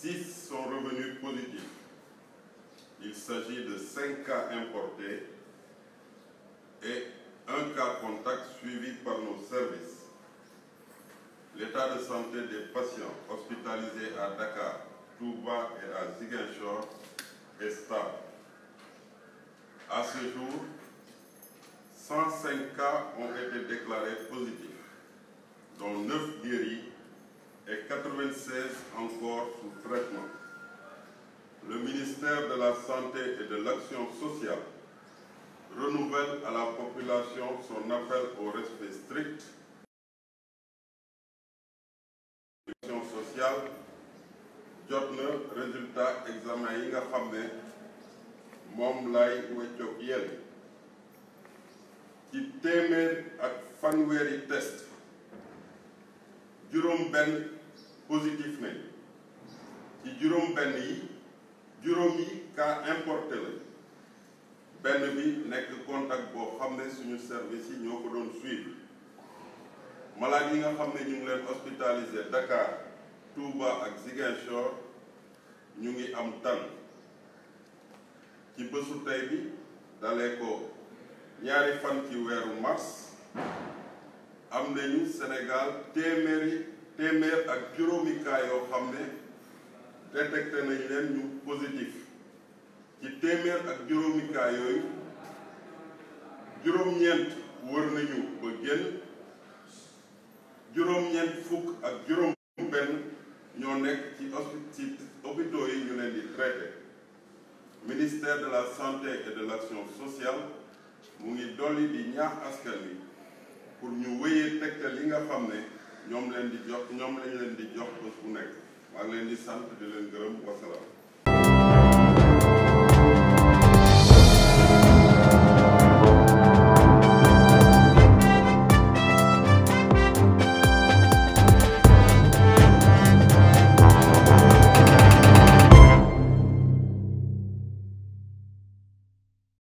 6 sont revenus positifs. Il s'agit de 5 cas importés et un cas contact suivi par nos services. L'état de santé des patients hospitalisés à Dakar, Touba et à Ziguinchor est stable. À ce jour, 105 cas ont été déclarés positifs, dont 9 guéris de la Santé et de l'Action sociale renouvelle à la population son appel au respect strict sociale jot na résultat examen yi nga xam ne moom lay weccoog yéen ci téeméer ak fanweeri test juróom benn positif ne ci juróom benn yi juróomi cas importé la benn bi nekk contact boo xam ne suñu service yi ñoo ko doon suivre malade yi nga xam ne ñu ngi leen hospitalisé Dakar Touba ak Ziguinchor ñu ngi am tan ci bësu tey bi dalee ko ñaari fan ci weeru mars am nañu Sénégal téeméeri téeméer ak juróomi cas yoo xam ne détecté nañ leen ñu positif ci téeméer ak juróomi cas yooyu juróom-ñeent wër nañu ba génn juróom-ñeent fukk ak juróom benn ñoo nekk ci ci hôpitaux yi ñu leen di traité ministère de la santé et de l'action sociale mu ngi dolli di ñaax askan wi pour ñu wéyee tegtal yi nga xam ne ñoom leen di jox ñoom di jox bés bu nekk maa ngi leen di sant di leen gërëm wasalaam.